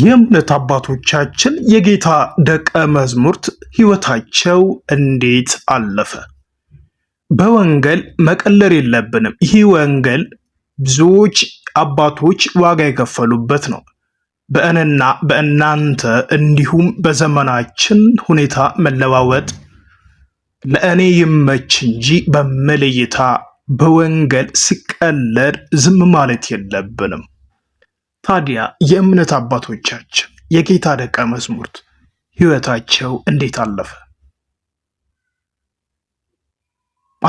የእምነት አባቶቻችን የጌታ ደቀ መዝሙርት ሕይወታቸው እንዴት አለፈ? በወንጌል መቀለር የለብንም። ይህ ወንጌል ብዙዎች አባቶች ዋጋ የከፈሉበት ነው። በእኔና በእናንተ እንዲሁም በዘመናችን ሁኔታ መለዋወጥ ለእኔ ይመች እንጂ በሚል እይታ በወንጌል ሲቀለድ ዝም ማለት የለብንም። ታዲያ የእምነት አባቶቻችን የጌታ ደቀ መዝሙርት ሕይወታቸው እንዴት አለፈ?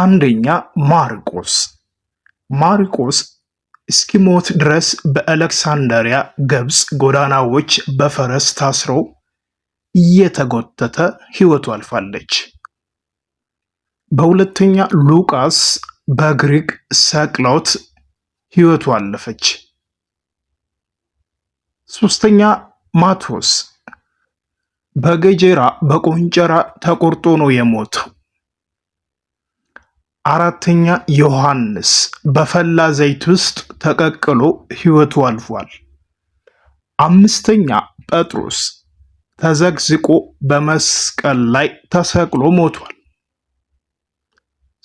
አንደኛ ማርቆስ ማርቆስ እስኪሞት ድረስ በአሌክሳንደሪያ ግብፅ ጎዳናዎች በፈረስ ታስሮ እየተጎተተ ሕይወቱ አልፋለች። በሁለተኛ ሉቃስ በግሪክ ሰቅሎት ሕይወቱ አለፈች። ሶስተኛ ማቴዎስ በገጀራ በቆንጨራ ተቆርጦ ነው የሞተው። አራተኛ ዮሐንስ በፈላ ዘይት ውስጥ ተቀቅሎ ሕይወቱ አልፏል። አምስተኛ ጴጥሮስ ተዘግዝቆ በመስቀል ላይ ተሰቅሎ ሞቷል።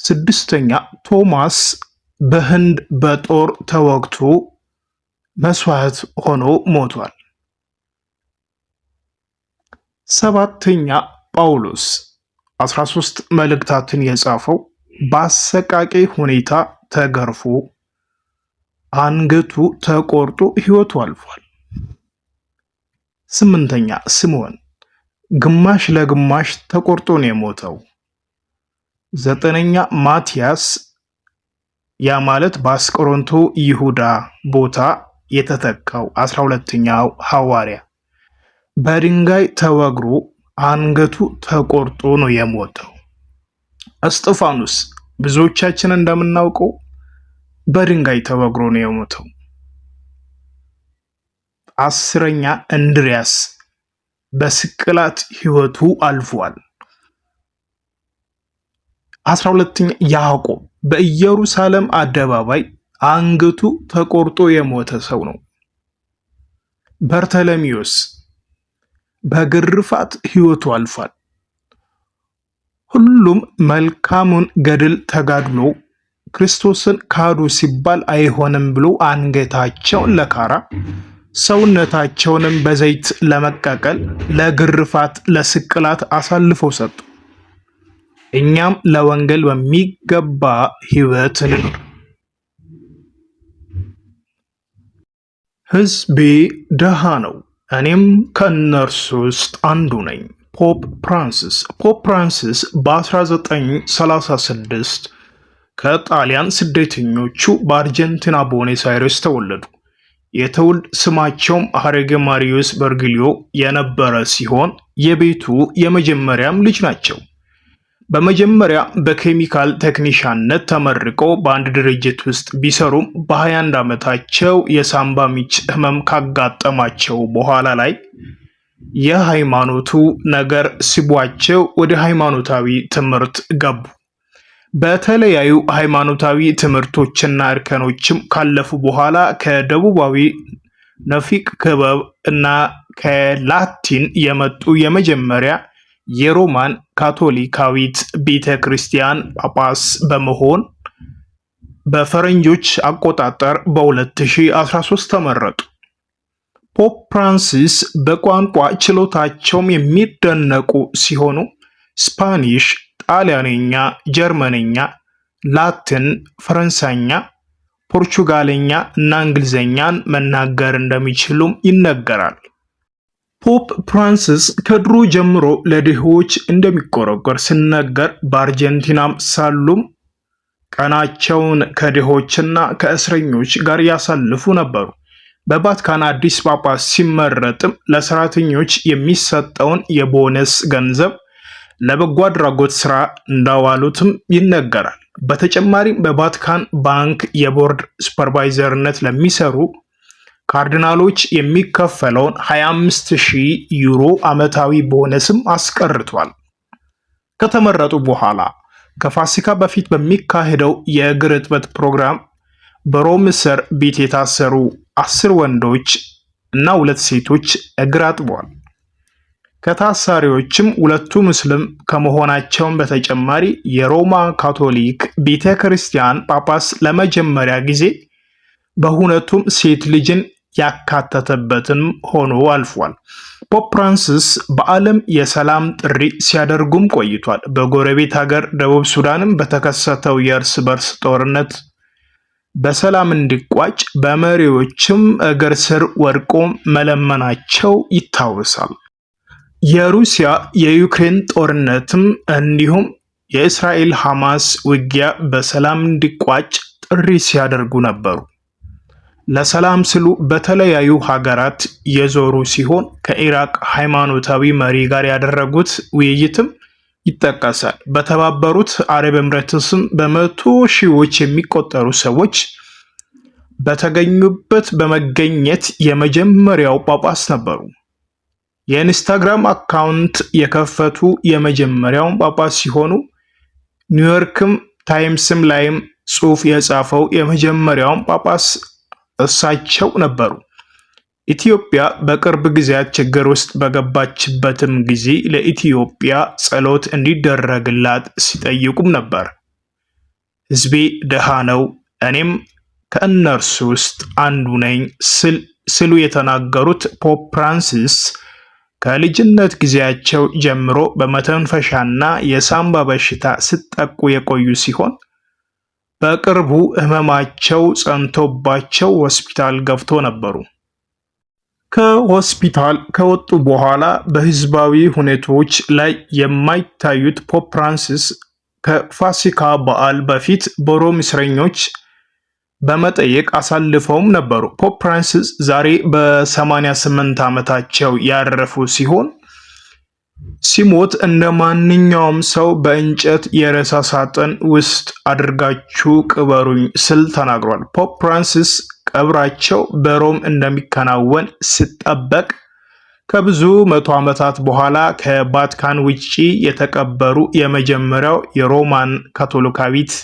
ስድስተኛ ቶማስ በህንድ በጦር ተወግቶ መስዋዕት ሆኖ ሞቷል። ሰባተኛ ጳውሎስ 13 መልእክታትን የጻፈው በአሰቃቂ ሁኔታ ተገርፎ አንገቱ ተቆርጦ ሕይወቱ አልፏል። ስምንተኛ ስምዖን ግማሽ ለግማሽ ተቆርጦ ነው የሞተው። ዘጠነኛ ማቲያስ ያ ማለት በአስቆሮንቶ ይሁዳ ቦታ የተተካው አስራ ሁለተኛው ሐዋርያ በድንጋይ ተወግሮ አንገቱ ተቆርጦ ነው የሞተው። እስጢፋኖስ ብዙዎቻችን እንደምናውቀው በድንጋይ ተወግሮ ነው የሞተው። አስረኛ እንድሪያስ በስቅላት ህይወቱ አልፏል። አስራ ሁለተኛ ያዕቆብ በኢየሩሳሌም አደባባይ አንገቱ ተቆርጦ የሞተ ሰው ነው። በርተለሚዮስ በግርፋት ህይወቱ አልፏል። ሁሉም መልካሙን ገድል ተጋድሎ ክርስቶስን ካዱ ሲባል አይሆንም ብሎ አንገታቸውን ለካራ ሰውነታቸውንም በዘይት ለመቀቀል ለግርፋት፣ ለስቅላት አሳልፈው ሰጡ። እኛም ለወንጌል በሚገባ ህይወት እንኑር። ህዝቤ ደሃ ነው፣ እኔም ከእነርሱ ውስጥ አንዱ ነኝ። ፖፕ ፍራንሲስ ፖፕ ፍራንሲስ በ1936 ከጣሊያን ስደተኞቹ በአርጀንቲና ቦኔስ አይረስ ተወለዱ። የትውልድ ስማቸውም ሐረገ ማሪዮስ በርግሊዮ የነበረ ሲሆን የቤቱ የመጀመሪያም ልጅ ናቸው። በመጀመሪያ በኬሚካል ቴክኒሻንነት ተመርቆ በአንድ ድርጅት ውስጥ ቢሰሩም በ21 ዓመታቸው የሳምባ ምች ህመም ካጋጠማቸው በኋላ ላይ የሃይማኖቱ ነገር ሲቧቸው ወደ ሃይማኖታዊ ትምህርት ገቡ። በተለያዩ ሃይማኖታዊ ትምህርቶችና እርከኖችም ካለፉ በኋላ ከደቡባዊ ነፊቅ ክበብ እና ከላቲን የመጡ የመጀመሪያ የሮማን ካቶሊካዊት ቤተ ክርስቲያን ጳጳስ በመሆን በፈረንጆች አቆጣጠር በ2013 ተመረጡ። ፖፕ ፍራንሲስ በቋንቋ ችሎታቸውም የሚደነቁ ሲሆኑ ስፓኒሽ፣ ጣሊያንኛ፣ ጀርመንኛ፣ ላቲን፣ ፈረንሳይኛ፣ ፖርቹጋልኛ እና እንግሊዝኛን መናገር እንደሚችሉም ይነገራል። ፖፕ ፍራንሲስ ከድሮ ጀምሮ ለድሆች እንደሚቆረቆር ሲነገር በአርጀንቲናም ሳሉም ቀናቸውን ከድሆችና ከእስረኞች ጋር ያሳልፉ ነበሩ። በቫቲካን አዲስ ጳጳስ ሲመረጥም ለሰራተኞች የሚሰጠውን የቦነስ ገንዘብ ለበጎ አድራጎት ስራ እንዳዋሉትም ይነገራል። በተጨማሪም በቫቲካን ባንክ የቦርድ ሱፐርቫይዘርነት ለሚሰሩ ካርዲናሎች የሚከፈለውን 25000 ዩሮ ዓመታዊ ቦነስም አስቀርቷል። ከተመረጡ በኋላ ከፋሲካ በፊት በሚካሄደው የእግር እጥበት ፕሮግራም በሮም እስር ቤት የታሰሩ አስር ወንዶች እና ሁለት ሴቶች እግር አጥበዋል። ከታሳሪዎችም ሁለቱ ሙስሊም ከመሆናቸውም በተጨማሪ የሮማ ካቶሊክ ቤተ ክርስቲያን ጳጳስ ለመጀመሪያ ጊዜ በሁነቱም ሴት ልጅን ያካተተበትም ሆኖ አልፏል። ፖፕ ፍራንሲስ በዓለም የሰላም ጥሪ ሲያደርጉም ቆይቷል። በጎረቤት ሀገር ደቡብ ሱዳንም በተከሰተው የእርስ በርስ ጦርነት በሰላም እንዲቋጭ በመሪዎችም እግር ስር ወድቆ መለመናቸው ይታወሳል። የሩሲያ የዩክሬን ጦርነትም እንዲሁም የእስራኤል ሐማስ ውጊያ በሰላም እንዲቋጭ ጥሪ ሲያደርጉ ነበሩ። ለሰላም ስሉ በተለያዩ ሀገራት የዞሩ ሲሆን ከኢራቅ ሃይማኖታዊ መሪ ጋር ያደረጉት ውይይትም ይጠቀሳል። በተባበሩት አረብ ኤምሬት በመቶ ሺዎች የሚቆጠሩ ሰዎች በተገኙበት በመገኘት የመጀመሪያው ጳጳስ ነበሩ። የኢንስታግራም አካውንት የከፈቱ የመጀመሪያውን ጳጳስ ሲሆኑ ኒውዮርክም ታይምስም ላይም ጽሑፍ የጻፈው የመጀመሪያውን ጳጳስ እሳቸው ነበሩ። ኢትዮጵያ በቅርብ ጊዜያት ችግር ውስጥ በገባችበትም ጊዜ ለኢትዮጵያ ጸሎት እንዲደረግላት ሲጠይቁም ነበር። ሕዝቤ ድሃ ነው፣ እኔም ከእነርሱ ውስጥ አንዱ ነኝ ስሉ የተናገሩት ፖፕ ፍራንሲስ ከልጅነት ጊዜያቸው ጀምሮ በመተንፈሻና የሳምባ በሽታ ሲጠቁ የቆዩ ሲሆን በቅርቡ ህመማቸው ጸንቶባቸው ሆስፒታል ገብቶ ነበሩ። ከሆስፒታል ከወጡ በኋላ በህዝባዊ ሁኔታዎች ላይ የማይታዩት ፖፕ ፍራንሲስ ከፋሲካ በዓል በፊት በሮም እስረኞች በመጠየቅ አሳልፈውም ነበሩ። ፖፕ ፍራንሲስ ዛሬ በ88 ዓመታቸው ያረፉ ሲሆን ሲሞት እንደ ማንኛውም ሰው በእንጨት የሬሳ ሳጥን ውስጥ አድርጋችሁ ቅበሩኝ ስል ተናግሯል። ፖፕ ፍራንሲስ ቀብራቸው በሮም እንደሚከናወን ሲጠበቅ ከብዙ መቶ ዓመታት በኋላ ከቫቲካን ውጪ የተቀበሩ የመጀመሪያው የሮማን ካቶሊካዊት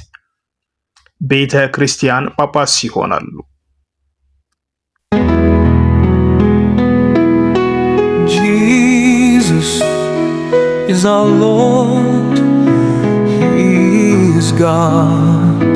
ቤተ ክርስቲያን ጳጳስ ይሆናሉ። is our Lord, He is God.